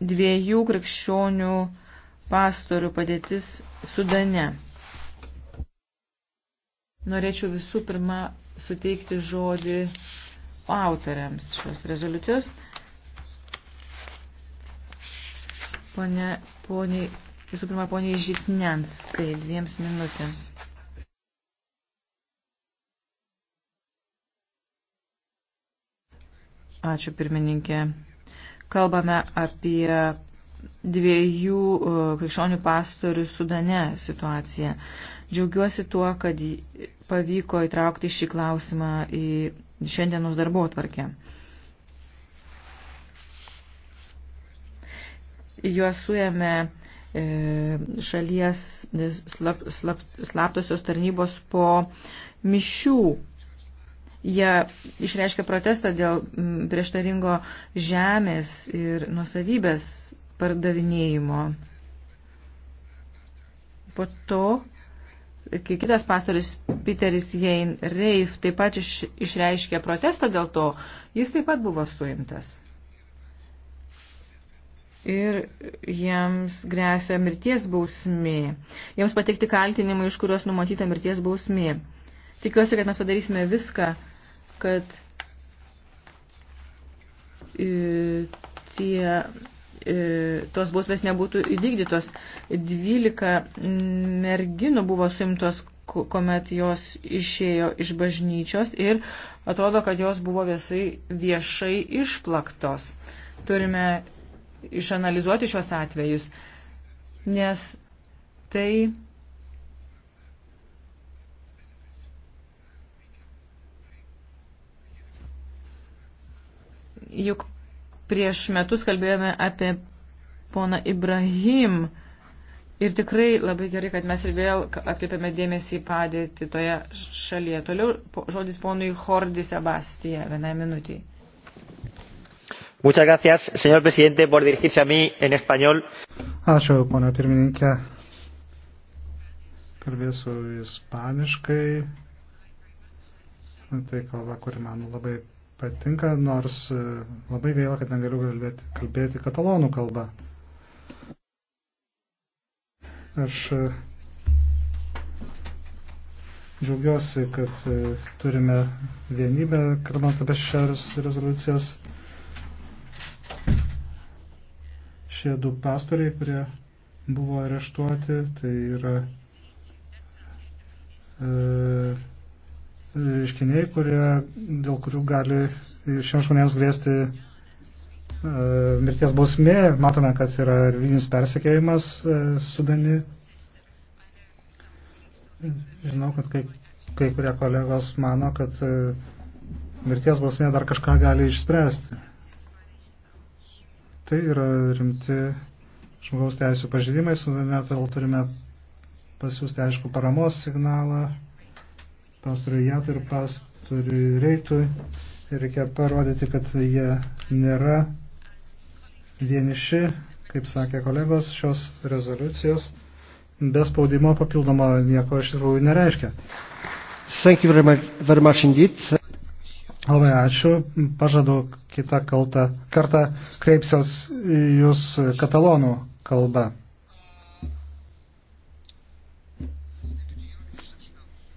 dviejų krikščionių pastorių padėtis Sudane. Norėčiau visų pirma suteikti žodį autoriams šios rezoliucijos. Pone, poniai, visų pirma, poniai Žitnenskai, dviems minutėms. Ačiū pirmininkė. Kalbame apie dviejų e, krikščionių pastorių Sudane situaciją. Džiaugiuosi tuo, kad pavyko įtraukti šį klausimą į šiandienos darbo atvarkę. Juos suėmė e, šalies slap, slap, slaptosios tarnybos po mišių Jie išreiškė protestą dėl prieštaringo žemės ir nusavybės pardavinėjimo. Po to, kai kitas pastorius Peteris Jain Reif taip pat iš, išreiškė protestą dėl to, jis taip pat buvo suimtas. Ir jiems grėsia mirties bausmė. Jiems pateikti kaltinimai, iš kurios numatyta mirties bausmė. Tikiuosi, kad mes padarysime viską, kad e, tie, e, tos bausmės nebūtų įvykdytos. 12 merginų buvo suimtos kuomet jos išėjo iš bažnyčios ir atrodo, kad jos buvo visai viešai išplaktos. Turime išanalizuoti šios atvejus, nes tai juk prieš metus kalbėjome apie poną Ibrahim. Ir tikrai labai gerai, kad mes ir vėl atkreipiame dėmesį į padėtį toje šalyje. Toliau žodis ponui Hordi Sebastija, vienai minutiai. Muchas gracias, señor presidente, por dirigirse a mí en español. Ačiū, ponia pirmininkė. Kalbėsiu ispaniškai. Tai kalba, kuri man labai patinka, nors e, labai gaila, kad negaliu kalbėti, kalbėti katalonų kalbą. Aš e, džiaugiuosi, kad e, turime vienybę, kalbant apie šias rezoliucijas. Šie du pastoriai, kurie buvo areštuoti, tai yra e, reiškiniai, kurie, dėl kurių gali šiems žmonėms grėsti e, mirties bausmė. Matome, kad yra ir vynis persekėjimas e, sudani. Žinau, kad kai, kai kurie kolegos mano, kad e, mirties bausmė dar kažką gali išspręsti. Tai yra rimti žmogaus teisų pažydimai, sudane, todėl turime pasiūsti aišku paramos signalą pastoriui Jat ir pastoriui Reitui. Reikia parodyti, kad jie nėra vieniši, kaip sakė kolegos, šios rezoliucijos be spaudimo papildomo nieko iš tikrųjų nereiškia. Thank you very much, very much indeed. Labai ačiū. Pažadu kitą kaltą, kartą kreipsios jūs katalonų kalba.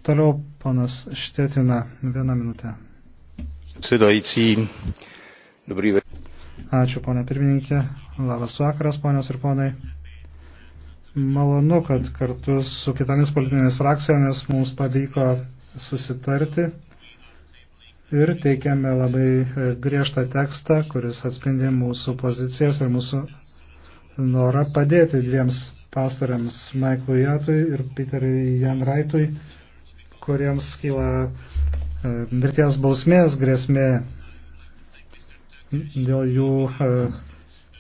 Toliau Ponas Štetina, vieną minutę. Sidoicijai, dobrį vakarą. Ačiū, ponė pirmininkė. Labas vakaras, ponios ir ponai. Malonu, kad kartu su kitomis politinėmis frakcijomis mums pavyko susitarti ir teikiame labai e, griežtą tekstą, kuris atspindi mūsų pozicijas ir mūsų norą padėti dviems pastoriams Maiklui Jatui ir Peteriui Janraitui kuriems kyla e, mirties bausmės grėsmė dėl jų e,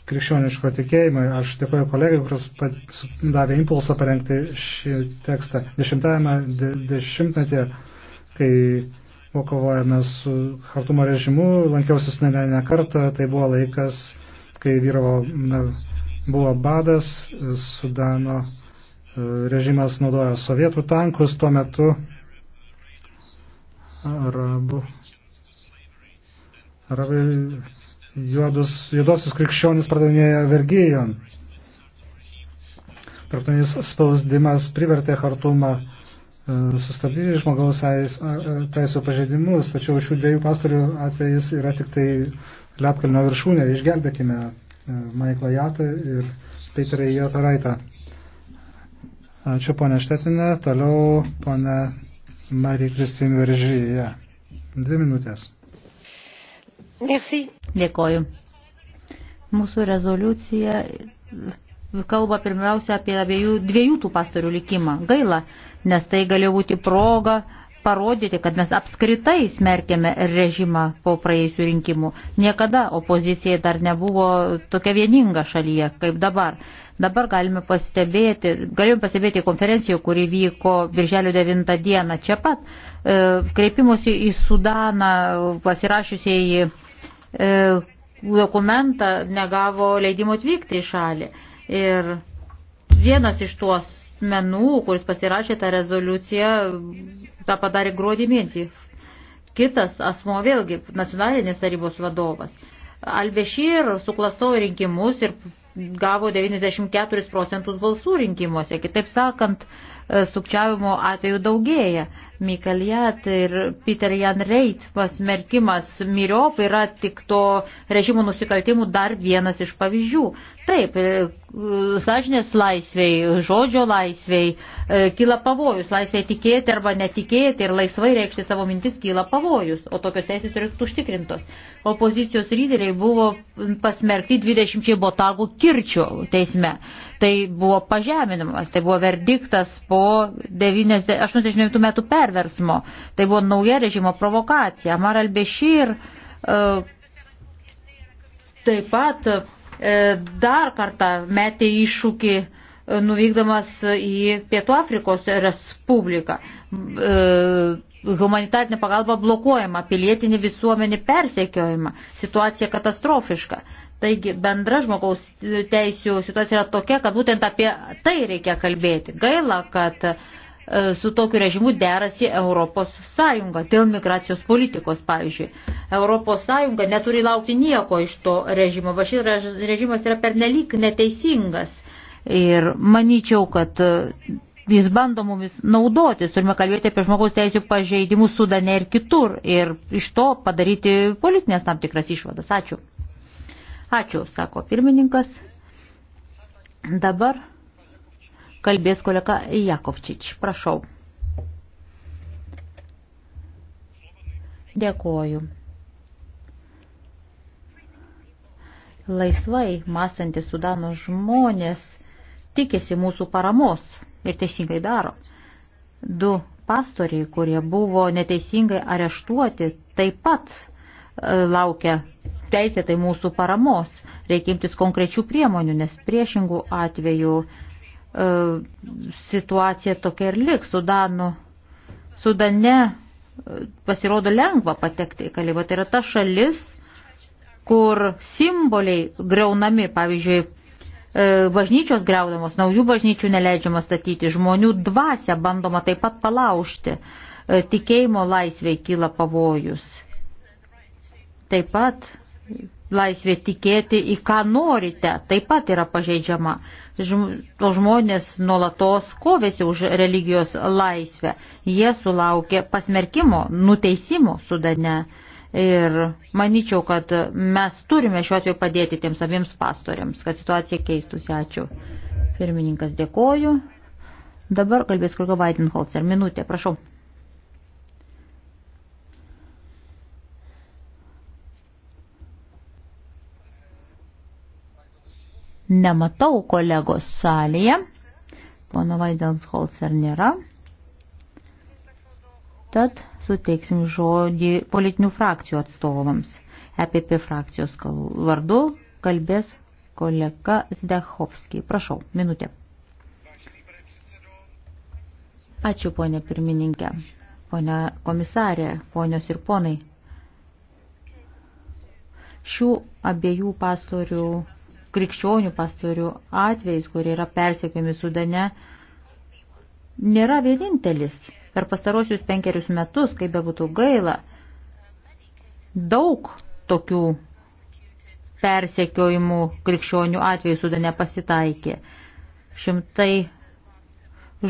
krikščioniško tikėjimo. Aš dėkoju kolegai, kuris davė impulsą parengti šį tekstą. Dešimtajame dešimtmetyje, kai buvo kovojame su Hartumo režimu, lankiausi su ne kartą, tai buvo laikas, kai vyravo, na, buvo badas, Sudano e, režimas naudojo sovietų tankus tuo metu arabų. Arabai juodus, juodosius krikščionis pardavinėja vergyjon. Tarptautinis spausdimas privertė Hartumą e, sustabdyti žmogaus teisų pažeidimus, tačiau šių dviejų pastorių atvejis yra tik tai Lietkalnio viršūnė. Išgelbėkime e, Maiklą Jatą ir Peterį Jotaraitą. Ačiū, ponė Štetinė. Toliau, ponė Marija Kristin Veržyje. Dvi minutės. Merci. Dėkoju. Mūsų rezoliucija kalba pirmiausia apie abiejų dviejų tų pastorių likimą. Gaila, nes tai galėjo būti proga parodyti, kad mes apskritai smerkėme režimą po praėjusių rinkimų. Niekada opozicija dar nebuvo tokia vieninga šalyje kaip dabar. Dabar galime pastebėti, galime pastebėti konferencijoje, kuri vyko birželio 9 dieną čia pat, e, kreipimusi į Sudaną pasirašiusieji e, dokumentą negavo leidimo atvykti į šalį. Ir vienas iš tuos menų, kuris pasirašė tą rezoliuciją, tą padarė gruodį mėnesį. Kitas asmo vėlgi nacionalinės tarybos vadovas. Albešir suklastojo rinkimus ir gavo 94 procentus balsų rinkimuose. Kitaip sakant, e, sukčiavimo atveju daugėja. Mikaliat ir Peter Jan Reit pasmerkimas myriop yra tik to režimo nusikaltimų dar vienas iš pavyzdžių. Taip, e, sąžinės laisviai, žodžio laisviai e, kyla pavojus, laisviai tikėti arba netikėti ir laisvai reikšti savo mintis kyla pavojus, o tokios teisės turi būti užtikrintos. Opozicijos lyderiai buvo pasmerkti 20 botagų kirčių teisme. Tai buvo pažeminimas, tai buvo verdiktas po 89 metų perversmo perversmo. Tai buvo nauja režimo provokacija. Amar al-Bešir e, taip pat e, dar kartą metė iššūkį e, nuvykdamas į Pietų Afrikos Respubliką. Humanitarinė pagalba blokuojama, pilietinė visuomenė persekiojama, situacija katastrofiška. Taigi bendra žmogaus teisų situacija yra tokia, kad būtent apie tai reikia kalbėti. Gaila, kad uh, E, su tokiu režimu derasi Europos Sąjunga dėl migracijos politikos, pavyzdžiui. Europos Sąjunga neturi laukti nieko iš to režimo, va šis režimas yra pernelyg neteisingas ir manyčiau, kad e, jis bando mumis naudotis, turime kalbėti apie žmogaus teisų pažeidimus Sudane ir kitur ir iš to padaryti politinės tam tikras išvadas. Ačiū. Ačiū, sako pirmininkas. Dabar kalbės kolega Jakovčič. Prašau. Dėkoju. Laisvai mąstantis Sudano žmonės tikėsi mūsų paramos ir teisingai daro. Du pastoriai, kurie buvo neteisingai areštuoti, taip pat e, laukia teisėtai mūsų paramos. Reikia imtis konkrečių priemonių, nes priešingų atveju E, situacija tokia ir liks. Sudanu, Sudane e, pasirodo lengva patekti į kalėjimą. Tai yra ta šalis, kur simboliai greunami, pavyzdžiui, e, bažnyčios greunamos, naujų bažnyčių neleidžiama statyti, žmonių dvasia bandoma taip pat palaužti, tikėjimo laisvėje kyla pavojus. Taip pat laisvė tikėti, į ką norite, taip pat yra pažeidžiama. O žmonės nuolatos kovėsi už religijos laisvę. Jie sulaukė pasmerkimo, nuteisimo sudane. Ir manyčiau, kad mes turime šiuo atveju padėti tiems abiems pastoriams, kad situacija keistųsi. Ačiū. Pirmininkas dėkoju. Dabar kalbės Kurgo Vaidenholzer. Minutė, prašau. Nematau kolegos salėje. Pono Vaidelsholzer nėra. Tad suteiksim žodį politinių frakcijų atstovams. EPP frakcijos vardu kalbės kolega Zdechovskiai. Prašau, minutė. Ačiū, ponė pirmininkė, ponė komisarė, ponios ir ponai. Šių abiejų pastorių krikščionių pastorių atvejais, kurie yra persiekiami Sudane, nėra vienintelis. Per pastarosius penkerius metus, kaip be būtų gaila, daug tokių persiekiojimų krikščionių atvejų Sudane pasitaikė. Šimtai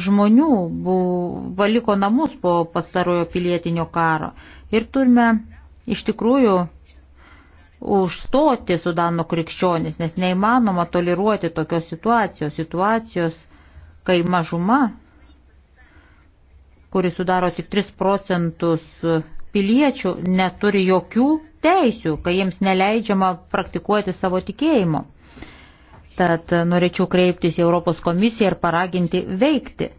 žmonių buvo, valiko namus po pastarojo pilietinio karo. Ir turime iš tikrųjų užstoti Sudano krikščionis, nes neįmanoma toleruoti tokios situacijos, situacijos, kai mažuma, kuri sudaro tik 3 procentus piliečių, neturi jokių teisių, kai jiems neleidžiama praktikuoti savo tikėjimo. Tad norėčiau kreiptis į Europos komisiją ir paraginti veikti.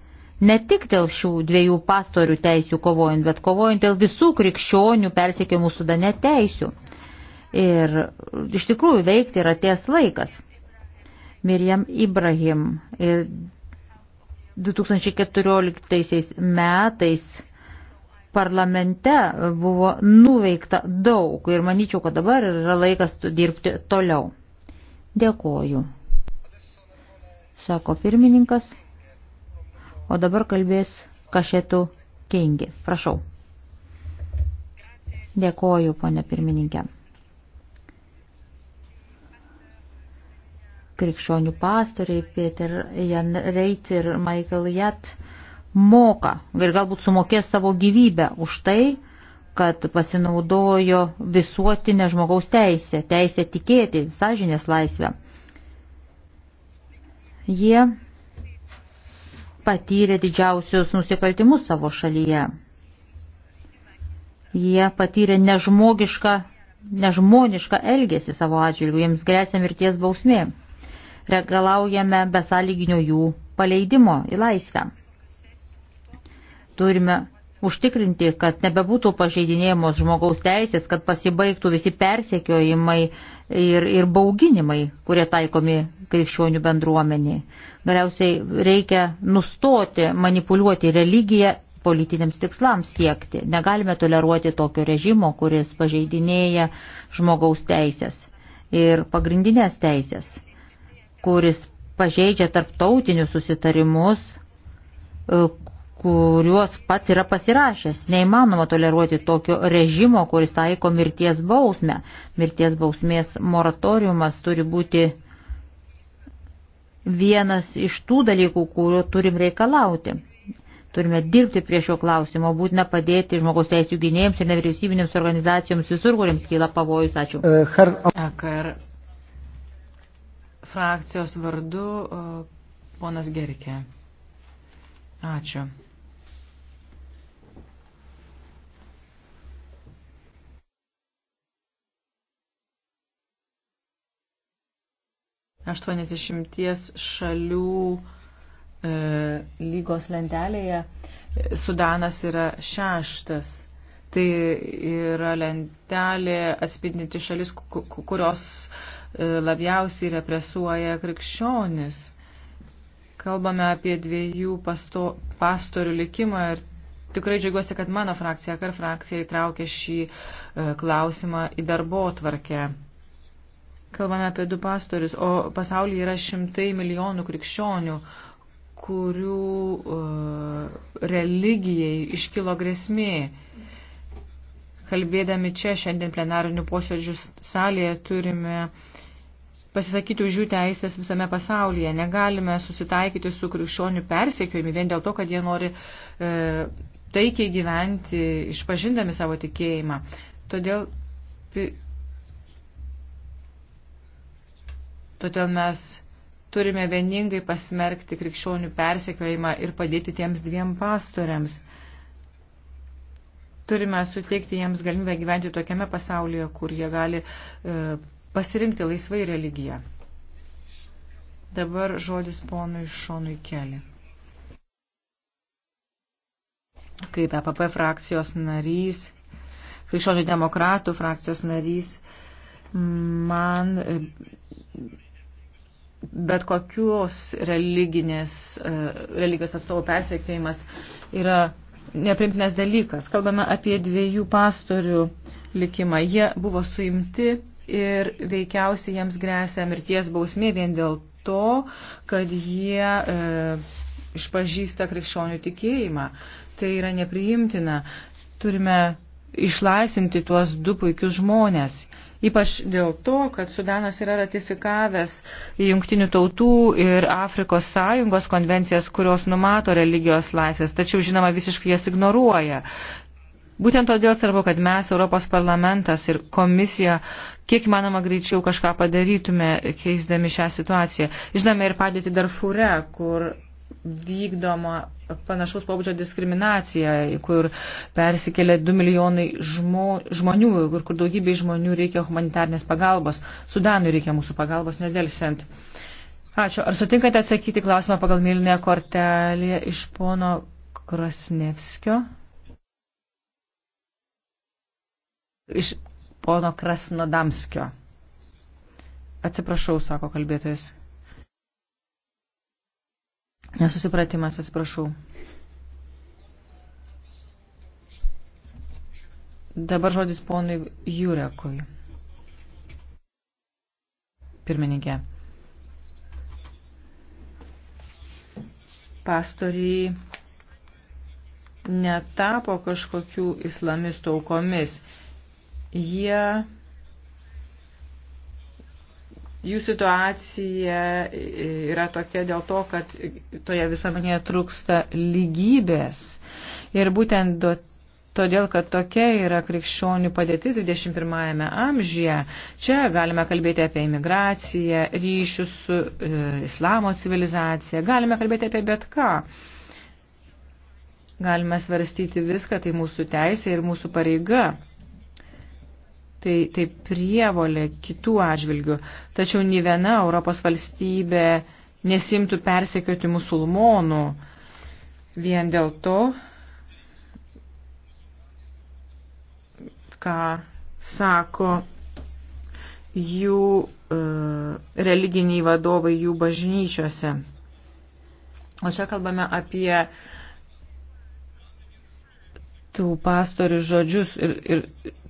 Ne tik dėl šių dviejų pastorių teisių kovojant, bet kovojant dėl visų krikščionių persiekimų sudane teisių. Ir iš tikrųjų veikti yra ties laikas. Mirjam Ibrahim ir 2014 metais parlamente buvo nuveikta daug ir manyčiau, kad dabar yra laikas dirbti toliau. Dėkoju, sako pirmininkas. O dabar kalbės Kašetų Kingi. Prašau. Dėkoju, ponė pirmininkė. krikščionių pastoriai Peter Jan Reit ir Michael Jat moka ir galbūt sumokės savo gyvybę už tai, kad pasinaudojo visuotinę žmogaus teisę, teisę tikėti, sąžinės laisvę. Jie patyrė didžiausius nusikaltimus savo šalyje. Jie patyrė nežmogišką, nežmonišką elgesį savo atžvilgių, jiems grėsia mirties bausmė reikalaujame besąlyginio jų paleidimo į laisvę. Turime užtikrinti, kad nebebūtų pažeidinėjamos žmogaus teisės, kad pasibaigtų visi persekiojimai ir, ir bauginimai, kurie taikomi krikščionių bendruomeniai. Galiausiai reikia nustoti manipuliuoti religiją politiniams tikslams siekti. Negalime toleruoti tokio režimo, kuris pažeidinėja žmogaus teisės ir pagrindinės teisės kuris pažeidžia tarptautinius susitarimus, e, kuriuos pats yra pasirašęs. Neįmanoma toleruoti tokio režimo, kuris taiko mirties bausmę. Mirties bausmės moratoriumas turi būti vienas iš tų dalykų, kurio turim reikalauti. Turime dirbti prie šio klausimo, būtina padėti žmogaus teisų gynėjams ir nevyriausybinėms organizacijoms visur, kuriems kyla pavojus. Ačiū. Uh, e, her... E frakcijos vardu ponas Gerikė. Ačiū. Aštuoniasdešimties šalių e, lygos lentelėje e, Sudanas yra šeštas. Tai yra lentelė atspindinti šalis, kurios e, E, labiausiai represuoja krikščionis. Kalbame apie dviejų pasto, pastorių likimą ir tikrai džiaugiuosi, kad mano frakcija, kar frakcija įtraukė šį e, klausimą į darbo tvarkę. Kalbame apie du pastorius, o pasaulyje yra šimtai milijonų krikščionių, kurių uh, religijai iškilo grėsmė. Kalbėdami čia šiandien plenarinių posėdžių salėje turime uh, pasisakyti už jų teisės visame pasaulyje. Negalime susitaikyti su krikščionių persekiojimu vien dėl to, kad jie nori e, taikiai gyventi, išpažindami savo tikėjimą. Todėl, todėl mes turime vieningai pasmerkti krikščionių persekiojimą ir padėti tiems dviem pastoriams. Turime suteikti jiems galimybę gyventi tokiame pasaulyje, kur jie gali e, pasirinkti laisvai religiją. Dabar žodis ponui Šonui Keli. Kaip EPP frakcijos narys, krikščionių demokratų frakcijos narys, man bet kokios religinės, e, religijos atstovų persiekėjimas yra neprimtinas dalykas. Kalbame apie dviejų pastorių likimą. Jie buvo suimti ir veikiausiai jiems grėsia mirties bausmė vien dėl to, kad jie e, išpažįsta krikščionių tikėjimą. Tai yra nepriimtina. Turime išlaisvinti tuos du puikius žmonės. Ypač dėl to, kad Sudanas yra ratifikavęs Junktinių tautų ir Afrikos sąjungos konvencijas, kurios numato religijos laisvės, tačiau, žinoma, visiškai jas ignoruoja. Būtent todėl svarbu, kad mes, Europos parlamentas ir komisija, kiek manoma greičiau kažką padarytume, keisdami šią situaciją. Žinome ir padėti Darfūre, kur vykdoma panašaus pobūdžio diskriminacija, kur persikėlė 2 milijonai žmo, žmonių, kur, kur daugybė žmonių reikia humanitarnės pagalbos. Sudanui reikia mūsų pagalbos nedelsiant. Ačiū. Ar sutinkate atsakyti klausimą pagal mylinę kortelę iš pono Krasnevskio? iš pono Krasnodamskio. Atsiprašau, sako kalbėtojas. Nesusipratimas, atsiprašau. Dabar žodis ponui Jurekui. Pirmininkė. Pastoriai netapo kažkokių islamistų aukomis. Jie jų situacija yra tokia dėl to, kad toje visuomenėje trūksta lygybės. Ir būtent do, todėl, kad tokia yra krikščionių padėtis 21-ame amžyje, čia galime kalbėti apie imigraciją, ryšius su e, islamo civilizacija, galime kalbėti apie bet ką. Galime svarstyti viską, tai mūsų teisė ir mūsų pareiga. Tai, tai prievolė kitų atžvilgių. Tačiau nė viena Europos valstybė nesimtų persekioti musulmonų vien dėl to, ką sako jų e, religiniai vadovai jų bažnyčiose. O čia kalbame apie e, tų pastorių žodžius ir, ir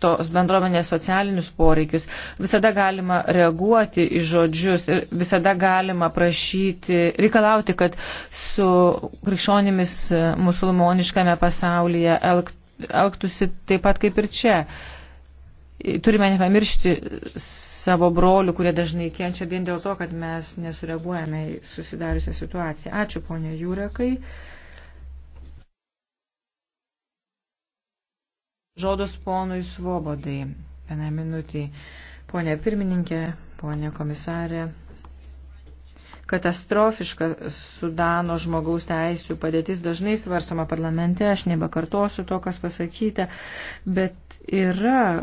tos bendruomenės socialinius poreikius. Visada galima reaguoti į žodžius ir visada galima prašyti, reikalauti, kad su krikščionimis musulmoniškame pasaulyje elg, elgtųsi taip pat kaip ir čia. Turime nepamiršti savo brolių, kurie dažnai kenčia vien dėl to, kad mes nesureaguojame į susidariusią situaciją. Ačiū, ponė Jūrekai. Žodus ponui Svobodai. Vieną minutį. Pone pirmininkė, pone komisarė. Katastrofiška Sudano žmogaus teisų padėtis dažnai svarstoma parlamente, aš nebekartosiu to, kas pasakyta, bet yra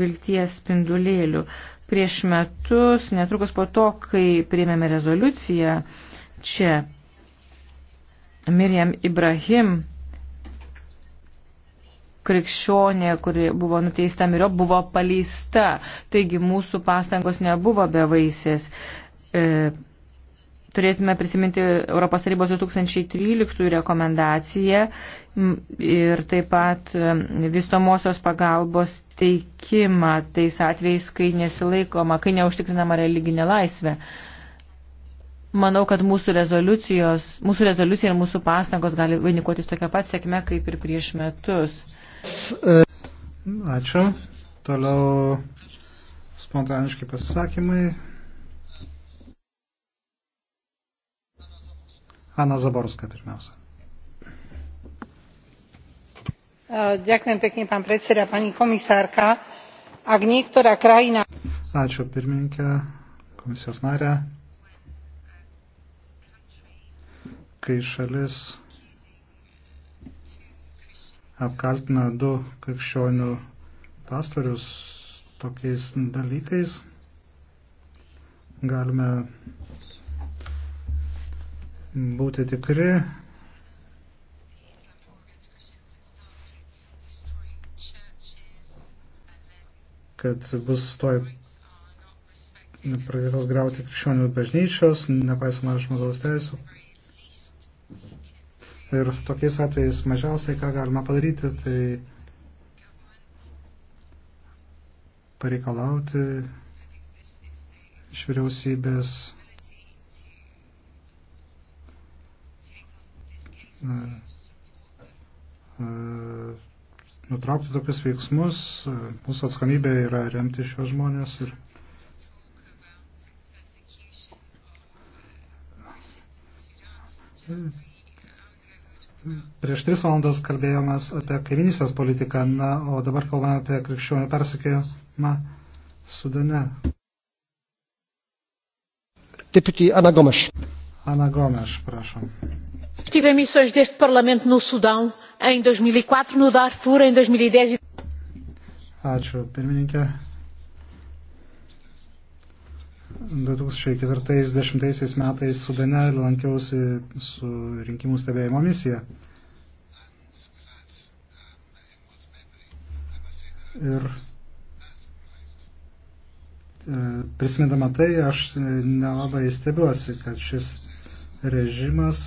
vilties spindulėlių. Prieš metus, netrukus po to, kai priėmėme rezoliuciją, čia Mirjam Ibrahim krikščionė, kuri buvo nuteista mirio, buvo paleista. Taigi mūsų pastangos nebuvo bevaisės. E, turėtume prisiminti Europos tarybos 2013 rekomendaciją ir taip pat e, vystomosios pagalbos teikimą tais atvejais, kai nesilaikoma, kai neužtikrinama religinė laisvė. E, Manau, kad mūsų, mūsų rezoliucija ir mūsų pastangos gali vainikuotis tokia pat sėkme kaip ir prieš metus. Ačiū. Toliau spontaniški pasisakymai. Ana Zaborska pirmiausia. E, ďakujem pekne, pán predseda, pani komisárka. Ak niektorá krajina... Ačiū pirmininkė, komisijos narė kai šalis apkaltina du krikščionių pastorius tokiais dalykais, galime būti tikri, kad bus toj pradėtos grauti krikščionių bažnyčios, nepaisama žmogaus teisų, Ir tokiais atvejais mažiausiai, ką galima padaryti, tai pareikalauti iš vyriausybės nutraukti tokius veiksmus. Mūsų atskamybė yra remti šios žmonės ir Thank you. Prieš tris valandas kalbėjomės apie kaiminystės politiką, na, o dabar kalbame apie krikščionių persikėjimą Sudane. Deputy Ana Gomes. Ana Gomes, prašom. Tive missões deste Parlamento no Sudão em 2004, e no Darfur em 2010. E e- Ačiū, pirmininkė. 2040 metais Sudane lankiausi su rinkimų stebėjimo misija. Ir e, prisimindama tai, aš nelabai stebiuosi, kad šis režimas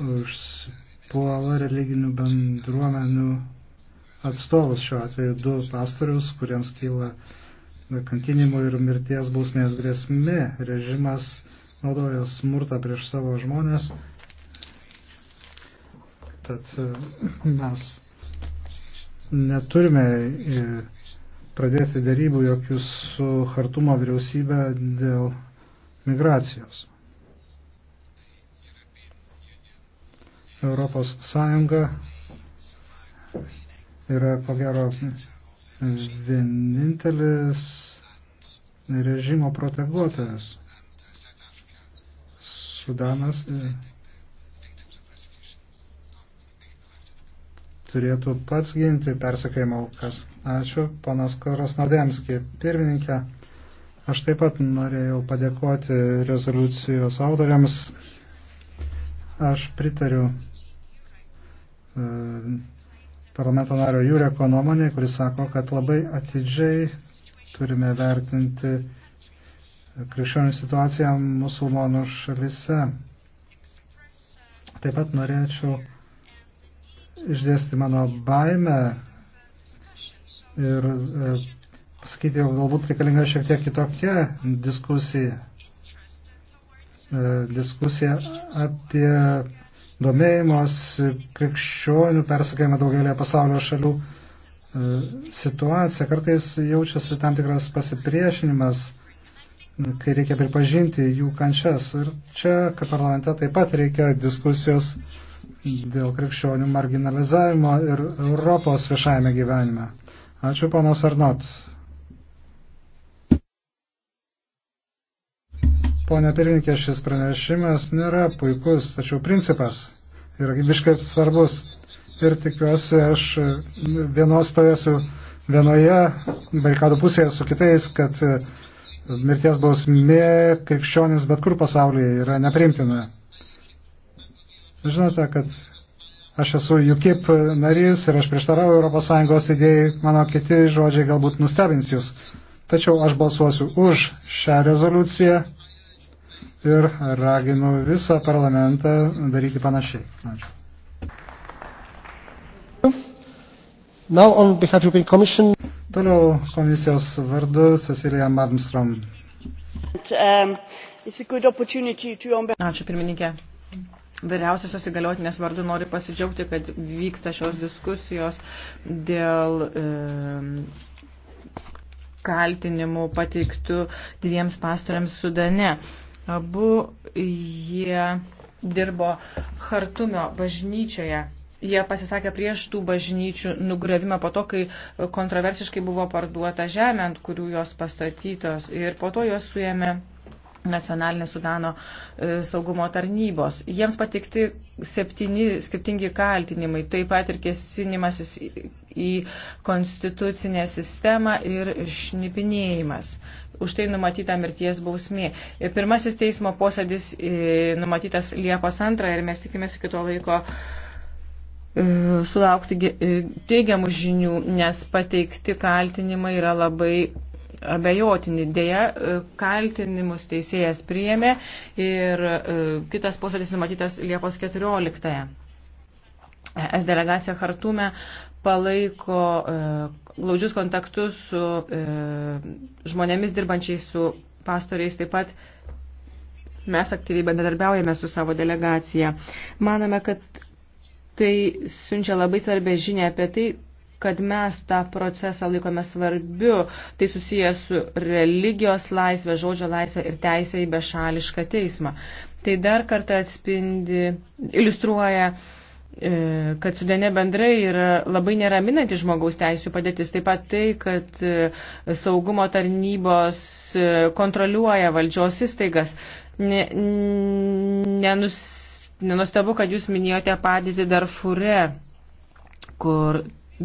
užpuola religinių bendruomenių atstovus, šiuo atveju du pastorius, kuriems kyla uh, kankinimų ir mirties bausmės grėsmi. Režimas naudoja smurtą prieš savo žmonės. Tad e, mes neturime e, pradėti darybų jokių su Hartumo vyriausybė dėl migracijos. Europos Sąjunga yra ko gero vienintelis režimo proteguotojas. Sudanas e, turėtų pats ginti persekėjimo aukas. Ačiū, panas Krasnodemski. Pirmininkė, aš taip pat norėjau padėkoti rezoliucijos autoriams. Aš pritariu. Uh, parlamento nario Jureko nuomonė, kuris sako, kad labai atidžiai turime vertinti krikščionių situaciją musulmonų šalise. Taip pat norėčiau išdėsti mano baimę ir e, pasakyti, jog galbūt reikalinga šiek tiek kitokia diskusija. E, diskusija apie domėjimas krikščionių persakėjimą daugelį pasaulio šalių e, situacija. Kartais jaučiasi tam tikras pasipriešinimas, kai reikia pripažinti jų kančias. Ir čia, kaip parlamente, taip pat reikia diskusijos dėl krikščionių marginalizavimo ir Europos viešajame gyvenime. Ačiū, panas Arnot. Pone pirmininkė, šis pranešimas nėra puikus, tačiau principas yra gyviškai svarbus. Ir tikiuosi, aš vienos toje su vienoje barikadų pusėje su kitais, kad mirties bausmė krikščionis bet kur pasaulyje yra neprimtina. Žinote, kad aš esu UKIP narys ir aš prieštarau ES idėjai, mano kiti žodžiai galbūt nustebins jūs. Tačiau aš balsuosiu už šią rezoliuciją ir raginu visą parlamentą daryti panašiai. Ačiū. Now on behalf of European Commission. Toliau komisijos vardu Cecilija Malmström. Um, to... Ačiū pirmininkė. Vyriausiosios įgaliotinės vardu noriu pasidžiaugti, kad vyksta šios diskusijos dėl e, um, kaltinimų pateiktų dviems pastoriams Sudane. E, Abu jie dirbo Hartumio bažnyčioje. Jie pasisakė prieš tų bažnyčių nugravimą po to, kai kontroversiškai buvo parduota žemė, ant kurių jos pastatytos. Ir po to jos suėmė nacionalinės Sudano e, saugumo tarnybos. Jiems patikti septyni skirtingi kaltinimai, taip pat ir kėsinimasis į konstitucinę sistemą ir šnipinėjimas už tai numatyta mirties bausmė. Pirmasis teismo posėdis e, numatytas Liepos 2 ir mes tikimės iki to laiko e, sulaukti e, teigiamų žinių, nes pateikti kaltinimai yra labai abejotini. Deja, kaltinimus teisėjas priėmė ir kitas posėdis numatytas Liepos 14. Es delegacija Hartume palaiko e, glaudžius kontaktus su e, žmonėmis dirbančiais su pastoriais, taip pat mes aktyviai bendradarbiaujame su savo delegacija. Manome, kad tai siunčia labai svarbę žinę apie tai, kad mes tą procesą laikome svarbiu. Tai susijęs su religijos laisvė, žodžio laisvė ir teisė į bešališką teismą. Tai dar kartą atspindi, iliustruoja uh, E, kad sudane bendrai yra labai neraminanti žmogaus teisų padėtis. Taip pat tai, kad e, saugumo tarnybos e, kontroliuoja valdžios įstaigas. Ne, nenus, nenustabu, kad jūs minėjote padėtį Darfure, kur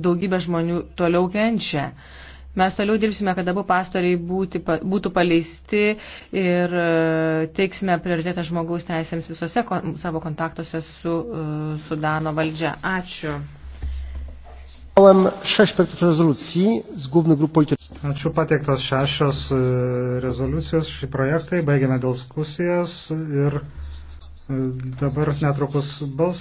daugybė žmonių toliau kenčia. Uh, Mes toliau dirbsime, kad abu pastoriai būti, būtų paleisti ir e, teiksime prioritetą žmogaus teisėms visose kon, savo kontaktuose su uh, Sudano valdžia. Ačiū. Ačiū pateiktos šešios e, rezoliucijos, šį projektai, baigiame diskusijas ir dabar netrukus balsą.